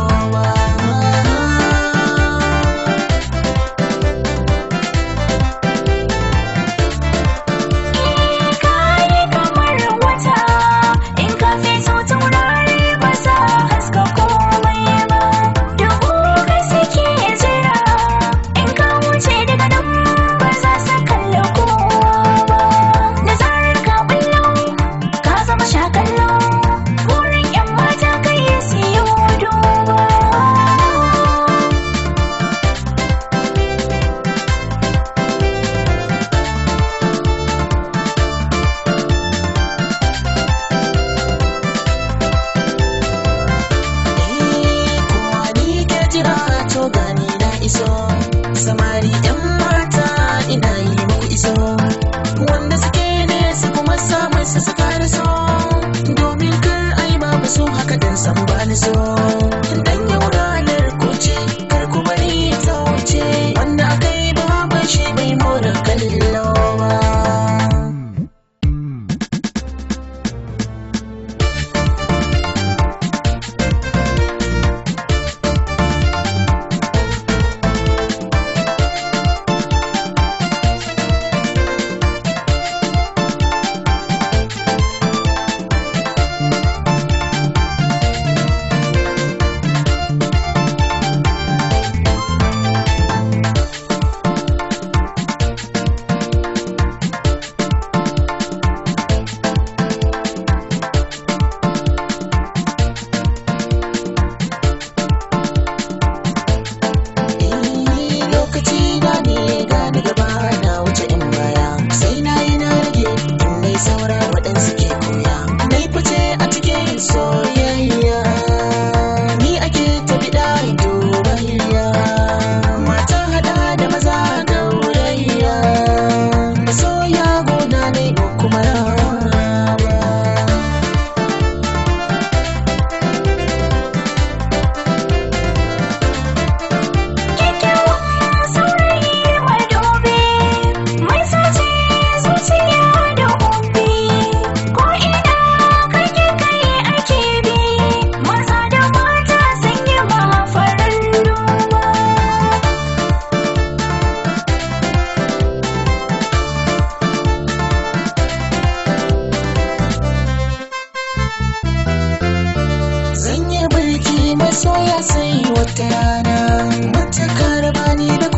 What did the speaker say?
all I iso samari yan mata ina yi mu iso wanda suke ne su kuma samun su suka so domin kar ai babu so haka dan san ba ni so sai wata yana matakar bani da